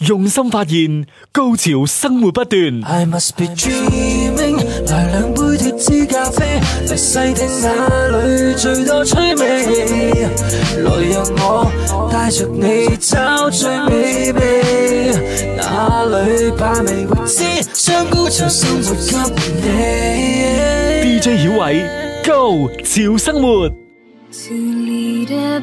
用心發現，高潮生活不斷。I must be dreaming，來兩杯脫脂咖啡，來細聽那裏最多趣味。來讓我帶着你找最美味，baby, 哪裏把味未知，將高潮生活給你。DJ 曉偉，Go 潮生活。To lead a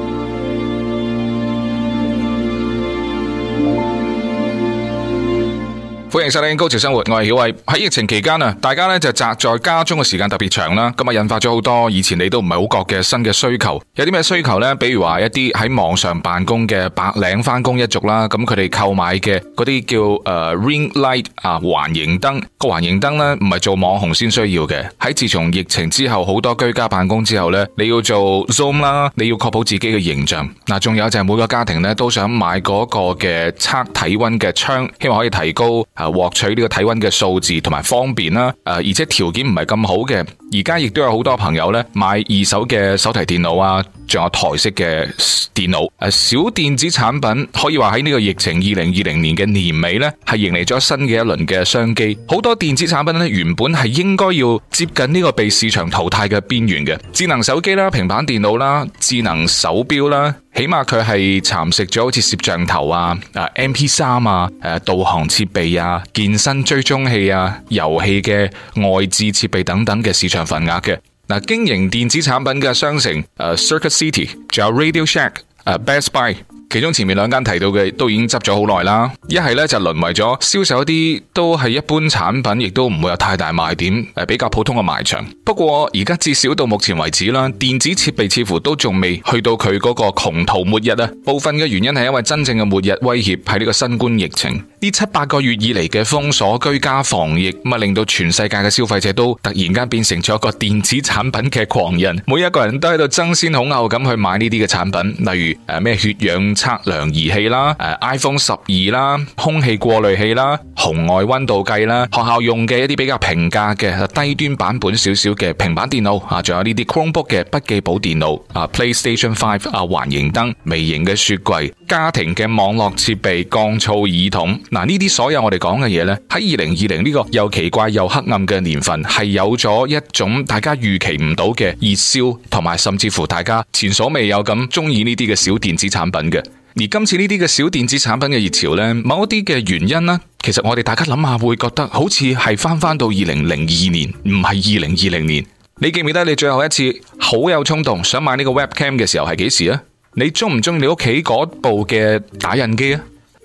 歡迎收聽高潮生活，我係曉慧。喺疫情期間啊，大家咧就宅在家中嘅時間特別長啦，咁啊引發咗好多以前你都唔係好覺嘅新嘅需求。有啲咩需求呢？比如話一啲喺網上辦公嘅白領翻工一族啦，咁佢哋購買嘅嗰啲叫誒、呃、Ring Light 啊環形燈，個環形燈咧唔係做網紅先需要嘅。喺自從疫情之後，好多居家辦公之後咧，你要做 Zoom 啦，你要確保自己嘅形象。嗱，仲有就係每個家庭咧都想買嗰個嘅測體溫嘅槍，希望可以提高。誒獲取呢個體溫嘅數字同埋方便啦，誒而且條件唔係咁好嘅。而家亦都有好多朋友咧買二手嘅手提電腦啊，仲有台式嘅電腦。誒，小電子產品可以話喺呢個疫情二零二零年嘅年尾咧，係迎嚟咗新嘅一輪嘅商機。好多電子產品咧原本係應該要接近呢個被市場淘汰嘅邊緣嘅，智能手機啦、啊、平板電腦啦、啊、智能手表啦、啊，起碼佢係蠶食咗好似攝像頭啊、啊 MP 三啊、誒、啊、導航設備啊、健身追蹤器啊、遊戲嘅外置設備等等嘅市場。份額嘅，嗱，經營電子產品嘅商城，誒，啊，Circuit City，仲有 Radio Shack，誒，啊，Best Buy，其中前面兩間提到嘅都已經執咗好耐啦，一係咧就淪為咗銷售一啲都係一般產品，亦都唔會有太大賣點，誒，比較普通嘅賣場。不過而家至少到目前為止啦，電子設備似乎都仲未去到佢嗰個窮途末日啊。部分嘅原因係因為真正嘅末日威脅係呢個新冠疫情。呢七八個月以嚟，嘅封鎖居家防疫，咪令到全世界嘅消費者都突然間變成咗一個電子產品嘅狂人，每一個人都喺度爭先恐後咁去買呢啲嘅產品，例如誒咩血氧測量儀器啦、誒 iPhone 十二啦、空氣過濾器啦、紅外溫度計啦、學校用嘅一啲比較平價嘅低端版本少少嘅平板電腦啊，仲有呢啲 Chromebook 嘅筆記簿電腦啊，PlayStation Five 啊，環形燈、微型嘅雪櫃。家庭嘅網絡設備、降噪耳筒，嗱，呢啲所有我哋講嘅嘢呢，喺二零二零呢個又奇怪又黑暗嘅年份，係有咗一種大家預期唔到嘅熱銷，同埋甚至乎大家前所未有咁中意呢啲嘅小電子產品嘅。而今次呢啲嘅小電子產品嘅熱潮呢，某一啲嘅原因咧，其實我哋大家諗下會覺得好似係翻翻到二零零二年，唔係二零二零年。你記唔記得你最後一次好有衝動想買呢個 webcam 嘅時候係幾時啊？你中唔中意你屋企嗰部嘅打印機啊？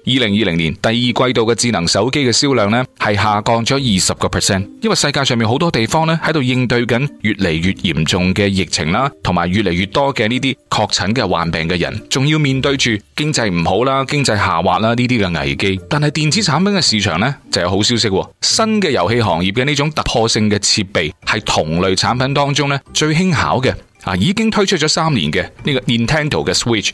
二零二零年第二季度嘅智能手機嘅銷量呢，係下降咗二十個 percent，因為世界上面好多地方呢，喺度應對緊越嚟越嚴重嘅疫情啦，同埋越嚟越多嘅呢啲確診嘅患病嘅人，仲要面對住經濟唔好啦、經濟下滑啦呢啲嘅危機。但係電子產品嘅市場呢，就有好消息，新嘅遊戲行業嘅呢種突破性嘅設備係同類產品當中呢最輕巧嘅。啊，已經推出咗三年嘅呢個 Nintendo 嘅 Switch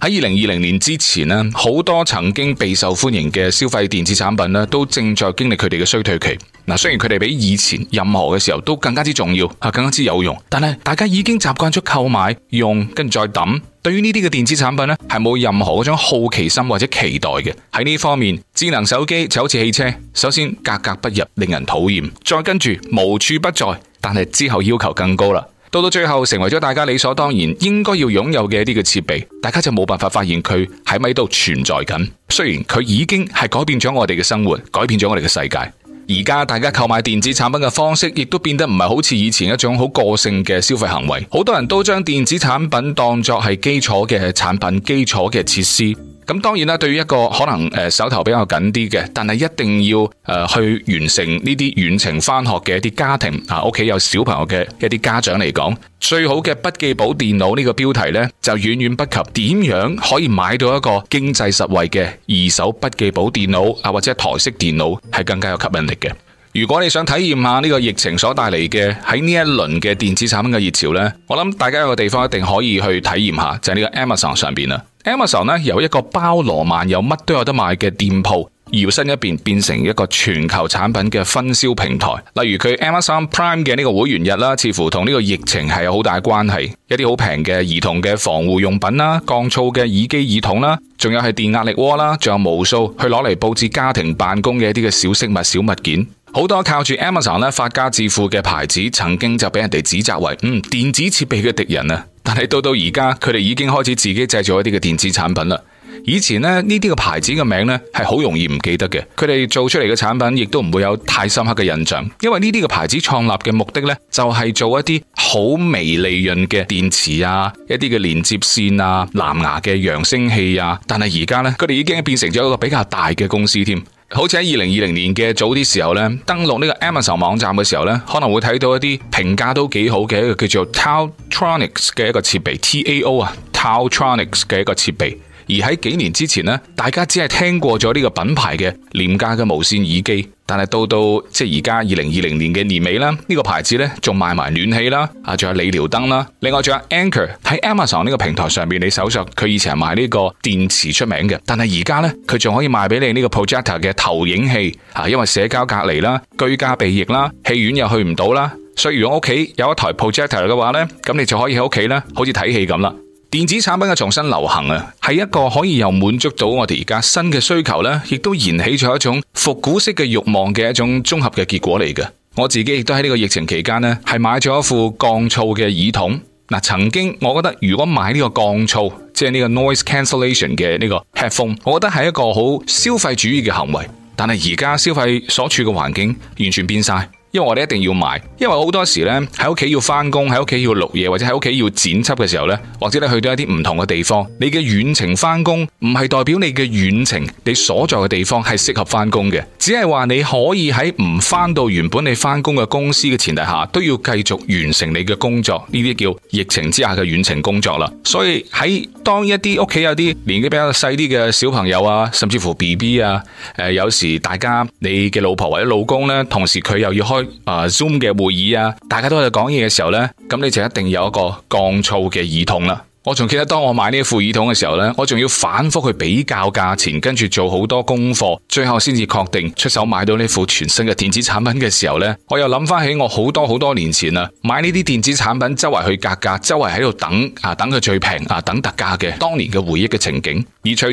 喺二零二零年之前咧，好多曾經備受歡迎嘅消費電子產品咧，都正在經歷佢哋嘅衰退期。嗱，雖然佢哋比以前任何嘅時候都更加之重要，啊，更加之有用，但係大家已經習慣咗購買、用跟住再抌。對於呢啲嘅電子產品咧，係冇任何嗰種好奇心或者期待嘅。喺呢方面，智能手機就好似汽車，首先格格不入，令人討厭，再跟住無處不在，但係之後要求更高啦。到最後，成為咗大家理所當然應該要擁有嘅呢個設備，大家就冇辦法發現佢喺咪度存在緊。雖然佢已經係改變咗我哋嘅生活，改變咗我哋嘅世界。而家大家購買電子產品嘅方式，亦都變得唔係好似以前一種好個性嘅消費行為。好多人都將電子產品當作係基礎嘅產品，基礎嘅設施。咁當然啦，對於一個可能誒手頭比較緊啲嘅，但係一定要誒去完成呢啲遠程返學嘅一啲家庭啊，屋企有小朋友嘅一啲家長嚟講，最好嘅筆記簿電腦呢個標題咧，就遠遠不及點樣可以買到一個經濟實惠嘅二手筆記簿電腦啊，或者台式電腦係更加有吸引力嘅。如果你想體驗下呢個疫情所帶嚟嘅喺呢一輪嘅電子產品嘅熱潮呢，我諗大家有個地方一定可以去體驗下，就係呢個 Amazon 上邊啦。Amazon 呢有一個包羅萬有，乜都有得賣嘅店鋪。搖身一變變成一個全球產品嘅分銷平台，例如佢 Amazon Prime 嘅呢個會員日啦，似乎同呢個疫情係有好大關係。一啲好平嘅兒童嘅防護用品啦，降噪嘅耳機耳筒啦，仲有係電壓力鍋啦，仲有無數去攞嚟布置家庭辦公嘅一啲嘅小飾物、小物件，好多靠住 Amazon 咧發家致富嘅牌子，曾經就俾人哋指責為嗯電子設備嘅敵人啊，但係到到而家，佢哋已經開始自己製造一啲嘅電子產品啦。以前呢，呢啲個牌子嘅名呢，係好容易唔記得嘅。佢哋做出嚟嘅產品，亦都唔會有太深刻嘅印象，因為呢啲個牌子創立嘅目的呢，就係做一啲好微利潤嘅電池啊，一啲嘅連接線啊，藍牙嘅揚聲器啊。但係而家呢，佢哋已經變成咗一個比較大嘅公司添。好似喺二零二零年嘅早啲時候呢，登錄呢個 Amazon 網站嘅時候呢，可能會睇到一啲評價都幾好嘅一個叫做 TaoTronics 嘅一個設備，T A O 啊，TaoTronics 嘅一個設備。而喺幾年之前咧，大家只係聽過咗呢個品牌嘅廉價嘅無線耳機，但係到到即係而家二零二零年嘅年尾啦，呢個牌子咧仲賣埋暖氣啦，啊仲有理療燈啦，另外仲有 Anchor 喺 Amazon 呢個平台上面，你搜索佢以前係賣呢個電池出名嘅，但係而家呢，佢仲可以賣俾你呢個 Projector 嘅投影器啊，因為社交隔離啦、居家避疫啦、戲院又去唔到啦，所以如果屋企有一台 Projector 嘅話呢，咁你就可以喺屋企咧好似睇戲咁啦。電子產品嘅重新流行啊，係一個可以又滿足到我哋而家新嘅需求咧，亦都燃起咗一種復古式嘅慾望嘅一種綜合嘅結果嚟嘅。我自己亦都喺呢個疫情期間咧，係買咗一副降噪嘅耳筒。嗱，曾經我覺得如果買呢個降噪，即係呢個 noise cancellation 嘅呢個 headphone，我覺得係一個好消費主義嘅行為。但係而家消費所處嘅環境完全變晒。因為我哋一定要買，因為好多時呢，喺屋企要翻工，喺屋企要錄嘢，或者喺屋企要剪輯嘅時候呢，或者咧去到一啲唔同嘅地方，你嘅遠程翻工唔係代表你嘅遠程，你所在嘅地方係適合翻工嘅，只係話你可以喺唔翻到原本你翻工嘅公司嘅前提下，都要繼續完成你嘅工作，呢啲叫疫情之下嘅遠程工作啦。所以喺當一啲屋企有啲年紀比較細啲嘅小朋友啊，甚至乎 BB 啊，誒有時大家你嘅老婆或者老公呢，同時佢又要開。啊 Zoom 嘅會議啊，大家都喺度講嘢嘅時候咧，咁你就一定有一個降噪嘅耳筒啦。我仲記得當我買呢副耳筒嘅時候呢，我仲要反復去比較價錢，跟住做好多功課，最後先至確定出手買到呢副全新嘅電子產品嘅時候呢，我又諗翻起我好多好多年前啦，買呢啲電子產品周圍去格價，周圍喺度等啊，等佢最平啊，等特價嘅當年嘅回憶嘅情景。而隨住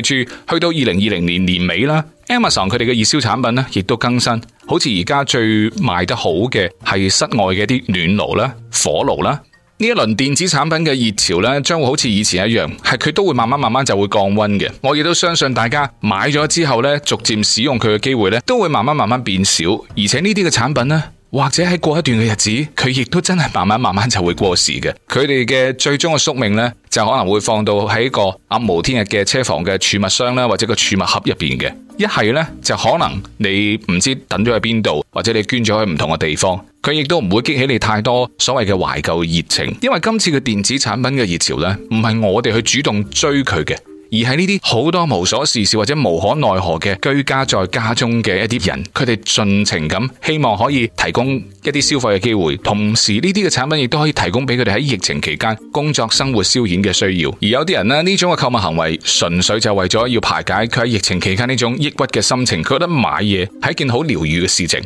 去到二零二零年年尾啦，Amazon 佢哋嘅熱銷產品呢亦都更新，好似而家最賣得好嘅係室外嘅啲暖爐啦、火爐啦。呢一輪電子產品嘅熱潮咧，將會好似以前一樣，係佢都會慢慢慢慢就會降溫嘅。我亦都相信大家買咗之後呢，逐漸使用佢嘅機會呢，都會慢慢慢慢變少。而且呢啲嘅產品呢。或者喺過一段嘅日子，佢亦都真係慢慢慢慢就會過時嘅。佢哋嘅最終嘅宿命呢，就可能會放到喺個暗無天日嘅車房嘅儲物箱啦，或者個儲物盒入面嘅。一係呢，就可能你唔知道等咗喺邊度，或者你捐咗喺唔同嘅地方，佢亦都唔會激起你太多所謂嘅懷舊熱情。因為今次嘅電子產品嘅熱潮呢，唔係我哋去主動追佢嘅。而喺呢啲好多無所事事或者無可奈何嘅居家在家中嘅一啲人，佢哋盡情咁希望可以提供一啲消費嘅機會，同時呢啲嘅產品亦都可以提供俾佢哋喺疫情期間工作生活消遣嘅需要。而有啲人呢，呢種嘅購物行為，純粹就為咗要排解佢喺疫情期間呢種抑鬱嘅心情，佢覺得買嘢係一件好療愈嘅事情。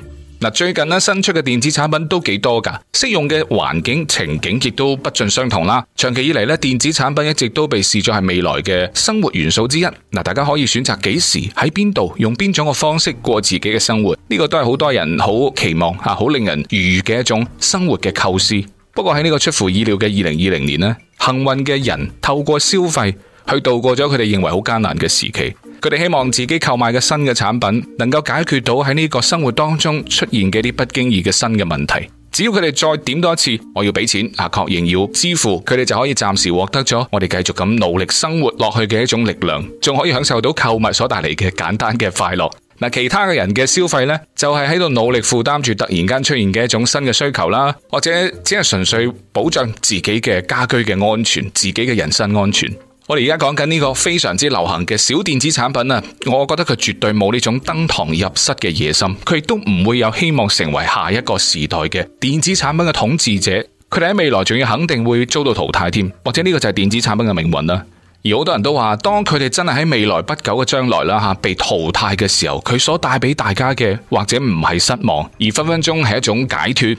最近新出嘅電子產品都幾多㗎，適用嘅環境情景亦都不盡相同啦。長期以嚟咧，電子產品一直都被視作係未來嘅生活元素之一。大家可以選擇幾時喺邊度用邊種嘅方式過自己嘅生活，呢個都係好多人好期望好令人愉悦嘅一種生活嘅構思。不過喺呢個出乎意料嘅二零二零年咧，幸運嘅人透過消費去度過咗佢哋認為好艱難嘅時期。佢哋希望自己購買嘅新嘅產品，能夠解決到喺呢個生活當中出現嘅啲不經意嘅新嘅問題。只要佢哋再點多一次，我要俾錢啊，確認要支付，佢哋就可以暫時獲得咗我哋繼續咁努力生活落去嘅一種力量，仲可以享受到購物所帶嚟嘅簡單嘅快樂。嗱，其他嘅人嘅消費呢，就係喺度努力負擔住突然間出現嘅一種新嘅需求啦，或者只係純粹保障自己嘅家居嘅安全，自己嘅人身安全。我哋而家講緊呢個非常之流行嘅小電子產品啊，我覺得佢絕對冇呢種登堂入室嘅野心，佢亦都唔會有希望成為下一個時代嘅電子產品嘅統治者。佢哋喺未來仲要肯定會遭到淘汰添，或者呢個就係電子產品嘅命運啦。而好多人都話，當佢哋真係喺未來不久嘅將來啦吓被淘汰嘅時候，佢所帶俾大家嘅或者唔係失望，而分分鐘係一種解脫。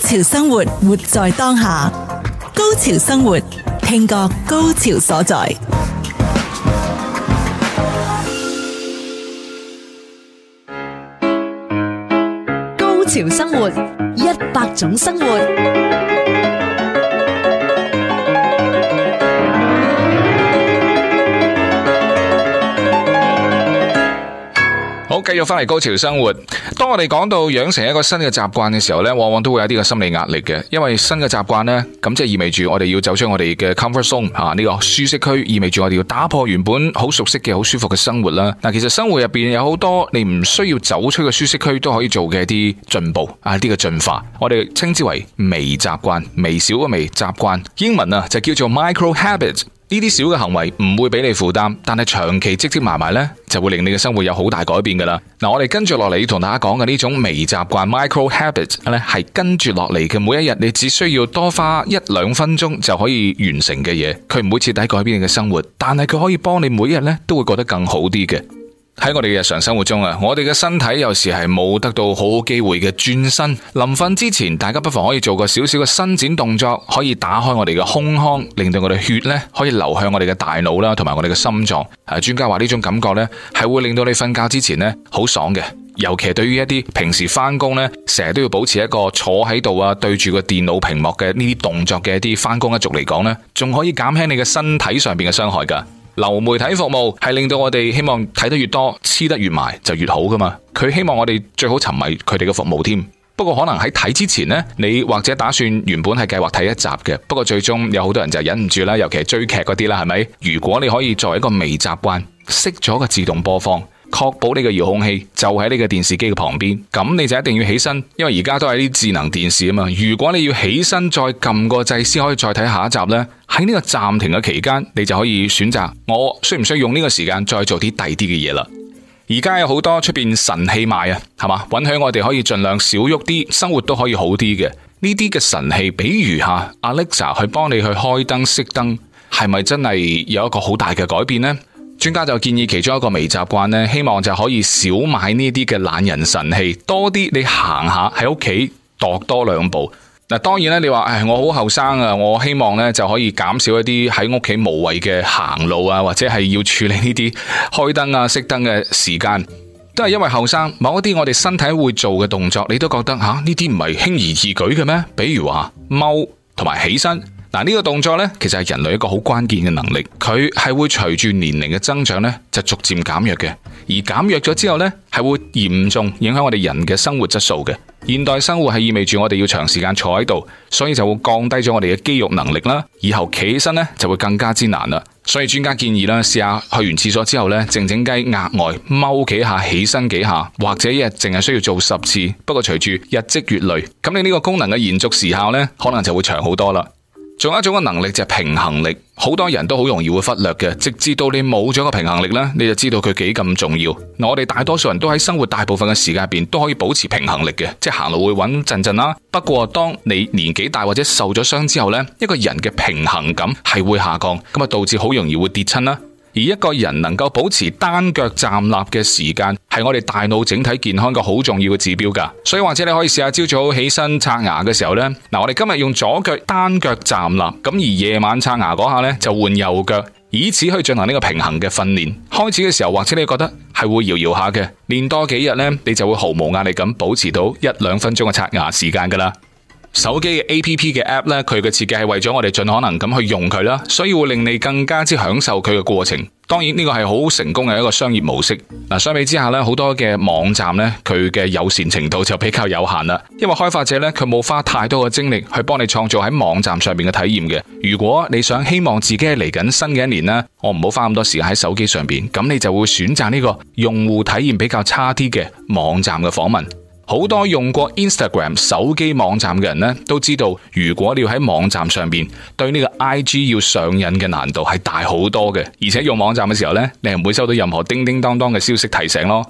高潮生活，活在當下。高潮生活，聽覺高潮所在。高潮生活，一百種生活。繼續翻嚟高潮生活。當我哋講到養成一個新嘅習慣嘅時候呢，往往都會有啲個心理壓力嘅，因為新嘅習慣呢，咁即係意味住我哋要走出我哋嘅 comfort zone 啊，呢個舒適區，意味住我哋要打破原本好熟悉嘅好舒服嘅生活啦。嗱，其實生活入邊有好多你唔需要走出嘅舒適區都可以做嘅一啲進步啊，啲嘅進化，我哋稱之為微習慣，微小嘅微習慣，英文啊就叫做 micro habit 呢啲小嘅行為唔會俾你負擔，但係長期積積埋埋咧，就會令你嘅生活有好大改變噶啦。嗱、嗯，我哋跟住落嚟要同大家講嘅呢種微習慣 （micro habit） 咧，係跟住落嚟嘅，每一日你只需要多花一兩分鐘就可以完成嘅嘢。佢唔會徹底改變你嘅生活，但係佢可以幫你每日咧都會覺得更好啲嘅。喺我哋嘅日常生活中啊，我哋嘅身體有時係冇得到好機會嘅轉身。臨瞓之前，大家不妨可以做個少少嘅伸展動作，可以打開我哋嘅胸腔，令到我哋血咧可以流向我哋嘅大腦啦，同埋我哋嘅心臟。誒，專家話呢種感覺咧，係會令到你瞓覺之前咧好爽嘅。尤其對於一啲平時翻工咧，成日都要保持一個坐喺度啊，對住個電腦屏幕嘅呢啲動作嘅一啲翻工一族嚟講咧，仲可以減輕你嘅身體上邊嘅傷害噶。流媒體服務係令到我哋希望睇得越多黐得越埋就越好㗎嘛，佢希望我哋最好沉迷佢哋嘅服務添。不過可能喺睇之前呢，你或者打算原本係計劃睇一集嘅，不過最終有好多人就忍唔住啦，尤其係追劇嗰啲啦，係咪？如果你可以作為一個微習慣熄咗個自動播放。確保呢個遙控器就喺呢個電視機嘅旁邊，咁你就一定要起身，因為而家都係啲智能電視啊嘛。如果你要起身再撳個掣先可以再睇下一集呢，喺呢個暫停嘅期間，你就可以選擇我需唔需要用呢個時間再做啲第啲嘅嘢啦。而家有好多出邊神器賣啊，係嘛，允許我哋可以盡量少喐啲，生活都可以好啲嘅。呢啲嘅神器，比如吓 Alexa 去幫你去開燈、熄燈，係咪真係有一個好大嘅改變呢？專家就建議其中一個微習慣咧，希望就可以少買呢啲嘅懶人神器，多啲你行下喺屋企度多兩步。嗱，當然咧，你話誒，我好後生啊，我希望咧就可以減少一啲喺屋企無謂嘅行路啊，或者係要處理呢啲開燈啊、熄燈嘅時間，都係因為後生。某一啲我哋身體會做嘅動作，你都覺得吓呢啲唔係輕而易舉嘅咩？比如話踎同埋起身。嗱呢個動作咧，其實係人類一個好關鍵嘅能力，佢係會隨住年齡嘅增長咧，就逐漸減弱嘅。而減弱咗之後咧，係會嚴重影響我哋人嘅生活質素嘅。現代生活係意味住我哋要長時間坐喺度，所以就會降低咗我哋嘅肌肉能力啦。以後企起身咧就會更加之難啦。所以專家建議啦，試下去完廁所之後咧，靜靜雞額外踎幾下，起身幾下，或者一日淨係需要做十次。不過隨住日積月累，咁你呢個功能嘅延續時效咧，可能就會長好多啦。仲有一種嘅能力就係平衡力，好多人都好容易會忽略嘅，直至到你冇咗個平衡力呢，你就知道佢幾咁重要。我哋大多數人都喺生活大部分嘅時間入面都可以保持平衡力嘅，即係行路會穩陣陣啦。不過當你年紀大或者受咗傷之後呢，一個人嘅平衡感係會下降，咁啊導致好容易會跌親啦。而一個人能夠保持單腳站立嘅時間，係我哋大腦整體健康個好重要嘅指標噶。所以或者你可以試下朝早起身刷牙嘅時候呢，嗱，我哋今日用左腳單腳站立，咁而夜晚刷牙嗰下呢，就換右腳，以此去進行呢個平衡嘅訓練。開始嘅時候或者你覺得係會搖搖下嘅，練多幾日呢，你就會毫無壓力咁保持到一兩分鐘嘅刷牙時間噶啦。手機嘅 App 嘅 App 咧，佢嘅設計係為咗我哋盡可能咁去用佢啦，所以會令你更加之享受佢嘅過程。當然呢個係好成功嘅一個商業模式。嗱、啊，相比之下咧，好多嘅網站咧，佢嘅友善程度就比較有限啦。因為開發者咧，佢冇花太多嘅精力去幫你創造喺網站上邊嘅體驗嘅。如果你想希望自己嚟緊新嘅一年啦，我唔好花咁多時間喺手機上邊，咁你就會選擇呢個用戶體驗比較差啲嘅網站嘅訪問。好多用過 Instagram 手機網站嘅人咧，都知道如果你要喺網站上面對呢個 IG 要上癮嘅難度係大好多嘅，而且用網站嘅時候咧，你係唔會收到任何叮叮當當嘅消息提醒咯。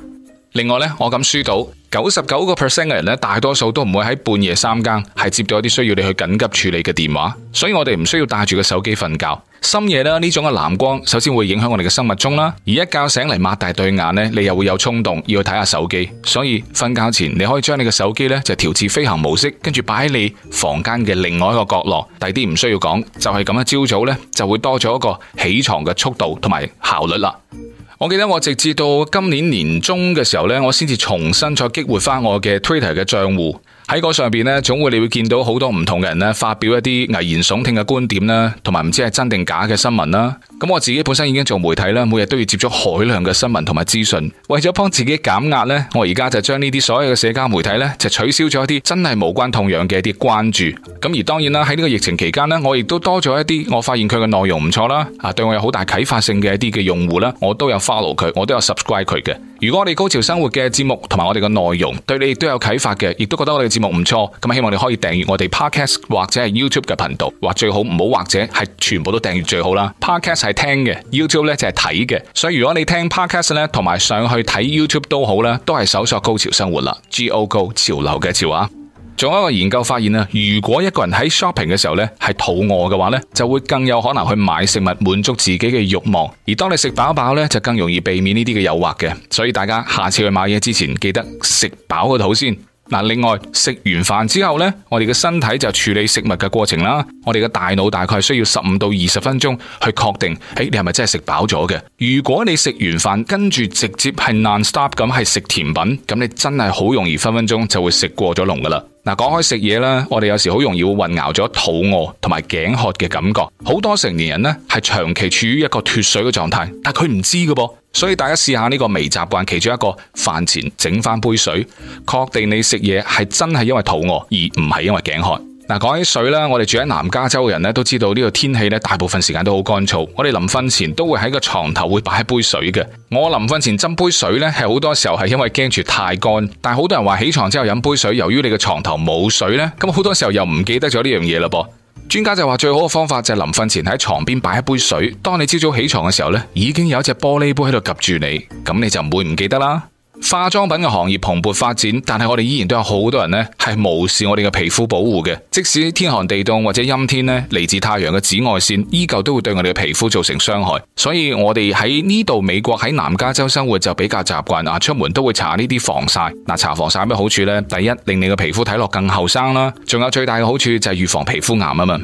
另外咧，我敢輸到九十九個 percent 嘅人咧，大多數都唔會喺半夜三更係接到一啲需要你去緊急處理嘅電話，所以我哋唔需要帶住個手機瞓覺。深夜咧，呢種嘅藍光，首先會影響我哋嘅生物鐘啦。而一覺醒嚟擘大對眼呢，你又會有衝動要去睇下手機。所以瞓覺前你可以將你嘅手機呢就調至飛行模式，跟住擺喺你房間嘅另外一個角落。第啲唔需要講，就係咁一朝早呢就會多咗一個起床嘅速度同埋效率啦。我記得我直至到今年年中嘅時候呢，我先至重新再激活翻我嘅 Twitter 嘅賬戶。喺嗰上邊呢，總會你會見到好多唔同嘅人呢發表一啲危言聳聽嘅觀點啦，同埋唔知係真定假嘅新聞啦。咁我自己本身已經做媒體啦，每日都要接觸海量嘅新聞同埋資訊，為咗幫自己減壓呢，我而家就將呢啲所有嘅社交媒體呢，就取消咗一啲真係無關痛癢嘅一啲關注。咁而當然啦，喺呢個疫情期間呢，我亦都多咗一啲我發現佢嘅內容唔錯啦，啊，對我有好大啟發性嘅一啲嘅用戶啦，我都有 follow 佢，我都有 subscribe 佢嘅。如果我哋高潮生活嘅節目同埋我哋嘅內容對你亦都有啟發嘅，亦都覺得我哋。節目唔錯，咁希望你可以訂閱我哋 podcast 或者係 YouTube 嘅頻道，或最好唔好或者係全部都訂閱最好啦。podcast 係聽嘅，YouTube 咧就係睇嘅，所以如果你聽 podcast 咧同埋上去睇 YouTube 都好啦，都係搜索高潮生活啦。Go Go 潮流嘅潮啊！仲有一個研究發現啊，如果一個人喺 shopping 嘅時候咧係肚餓嘅話咧，就會更有可能去買食物滿足自己嘅慾望，而當你食飽飽咧，就更容易避免呢啲嘅誘惑嘅。所以大家下次去買嘢之前，記得食飽個肚先。另外食完飯之後呢，我哋嘅身體就處理食物嘅過程啦。我哋嘅大腦大概需要十五到二十分鐘去確定，誒、欸，你係咪真係食飽咗嘅？如果你食完飯跟住直接係 non-stop 咁係食甜品，咁你真係好容易分分鐘就會食過咗龍噶啦。嗱，講開食嘢啦，我哋有時好容易會混淆咗肚餓同埋頸渴嘅感覺。好多成年人呢係長期處於一個脫水嘅狀態，但佢唔知噶噃。所以大家試下呢個微習慣，其中一個飯前整返杯水，確定你食嘢係真係因為肚餓而唔係因為頸渴。嗱，講起水呢，我哋住喺南加州嘅人咧都知道呢個天氣咧大部分時間都好乾燥，我哋臨瞓前都會喺個床頭會擺一杯水嘅。我臨瞓前斟杯水呢，係好多時候係因為驚住太乾，但係好多人話起床之後飲杯水，由於你嘅床頭冇水咧，咁好多時候又唔記得咗呢樣嘢啦噃。專家就話最好嘅方法就係臨瞓前喺床邊擺一杯水，當你朝早起床嘅時候咧，已經有一隻玻璃杯喺度夾住你，咁你就唔會唔記得啦。化妝品嘅行業蓬勃發展，但係我哋依然都有好多人呢係無視我哋嘅皮膚保護嘅。即使天寒地凍或者陰天呢，嚟自太陽嘅紫外線依舊都會對我哋嘅皮膚造成傷害。所以我哋喺呢度美國喺南加州生活就比較習慣啊，出門都會搽呢啲防曬。嗱，搽防曬有咩好處呢？第一，令你嘅皮膚睇落更後生啦。仲有最大嘅好處就係預防皮膚癌啊嘛。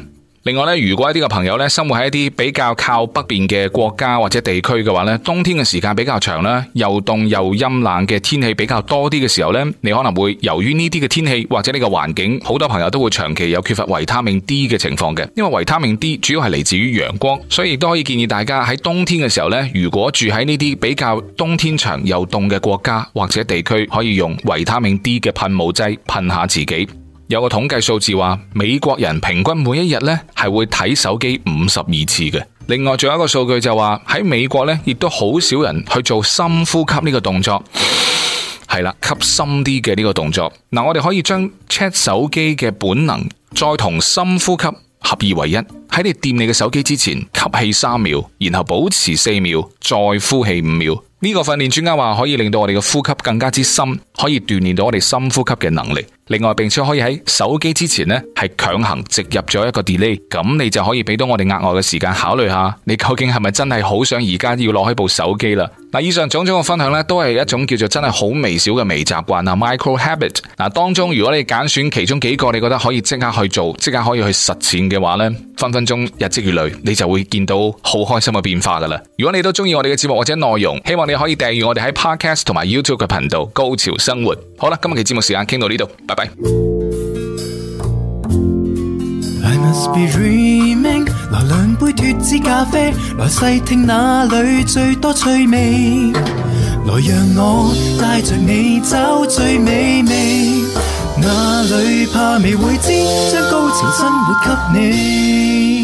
另外呢，如果一啲朋友呢，生活喺一啲比較靠北邊嘅國家或者地區嘅話呢，冬天嘅時間比較長啦，又凍又陰冷嘅天氣比較多啲嘅時候呢，你可能會由於呢啲嘅天氣或者呢個環境，好多朋友都會長期有缺乏維他命 D 嘅情況嘅。因為維他命 D 主要係嚟自於陽光，所以亦都可以建議大家喺冬天嘅時候呢，如果住喺呢啲比較冬天長又凍嘅國家或者地區，可以用維他命 D 嘅噴霧劑噴下自己。有個統計數字話，美國人平均每一日呢係會睇手機五十二次嘅。另外仲有一個數據就話喺美國呢，亦都好少人去做深呼吸呢個，個動作。係啦，吸深啲嘅呢個動作。嗱，我哋可以將 check 手機嘅本能再同深呼吸合二為一。喺你掂你嘅手機之前，吸氣三秒，然後保持四秒，再呼氣五秒。呢、呢個訓練專家話可以令到我哋嘅呼吸更加之深，可以鍛煉到我哋深呼吸嘅能力。另外，並且可以喺手機之前咧，係強行植入咗一個 delay，咁你就可以俾到我哋額外嘅時間考慮下，你究竟係咪真係好想而家要攞起部手機啦？嗱，以上種種嘅分享咧，都係一種叫做真係好微小嘅微習慣啊，micro habit。嗱，當中如果你揀選其中幾個你覺得可以即刻去做，即刻可以去實踐嘅話呢，分分鐘日積月累，你就會見到好開心嘅變化噶啦。如果你都中意我哋嘅節目或者內容，希望你可以訂閱我哋喺 Podcast 同埋 YouTube 嘅頻道《高潮生活》。好啦，今日嘅節目時間傾到呢度。拜拜 I must be dreaming。拿兩杯脫脂咖啡，來細聽那裏最多趣味，來讓我帶著你找最美味。那裏怕未會知，將高潮生活給你。